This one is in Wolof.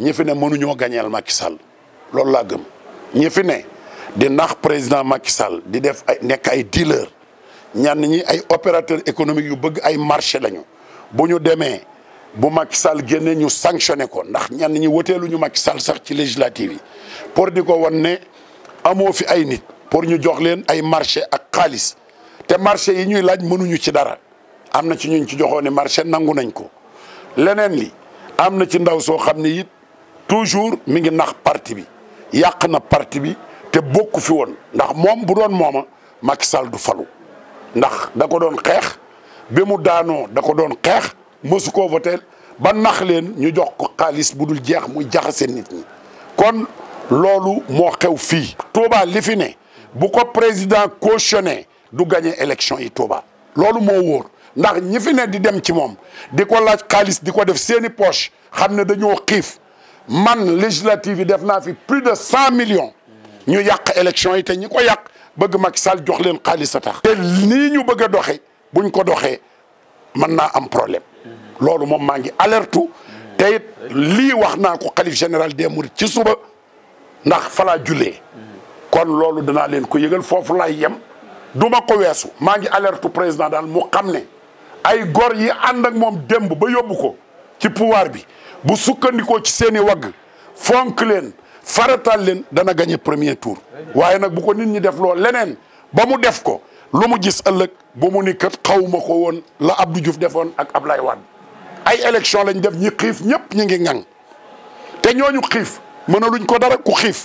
ñi fi ne mënuñoo gañeel Macky Sall loolu laa gëm ñi fi ne di nax président Macky Sall di def ay nekk ay dealer ñenn ñi ay opérateur économique yu bëgg ay marché lañu bu ñu demee bu Macky Sall génnee ñu sanctionné ko ndax ñenn ñi woteeluñu Macky Sall sax ci législative yi pour di ko wan ne amoo fi ay nit pour ñu jox leen ay marché ak xaalis te marché yi ñuy laaj mënuñu ci dara am na ci ñuñ ci joxoon marché nangu nañ ko leneen li am na ci ndaw soo xam ne it toujours mi ngi nax parti bi yàq na parti bi te bokku fi woon ndax moom bu doon mooma Macky Sall du falu ndax da ko doon xeex bi mu daanoo da ko doon xeex mësu koo voté ba nax leen ñu jox ko xaalis bu dul jeex muy jaxase nit ñi kon loolu moo xew fii. Touba lifi fi ne bu ko président cautionné du gagné élection yi Touba loolu moo wóor ndax ñi fi ne di dem ci moom di ko laaj xaalis di ko def seeni poche xam ne dañoo xiif. man législative yi def naa fi plus de cent millions ñu yàq élection yi te ñi ko yàq bëgg Macky Sall jox leen xaalis a tax. te nii ñu bëgg a doxee buñ ko doxee mën naa am problème loolu moom maa ngi alertu te it lii wax naa ko xalif général des Mourides ci suba ndax falaa jullee kon loolu danaa leen ko yëgal foofu lay yem du ma ko weesu maa ngi alertu président daal mu xam ne ay gor yi ànd ak moom démb ba yóbbu ko. ci pouvoir bi bu sukkandikoo ci seen i wagg fonk leen faretal leen dana gagné premier tour waaye nag bu ko nit ñi def loo leneen ba mu def ko lu mu gis ëllëg ba mu ni kat xawma ko woon la ab du juf defoon ak Ablaye Wade ay élection lañ def ñi xiif ñëpp ñi ngi ŋang te ñooñu xiif mëna luñ ko dara ku xiif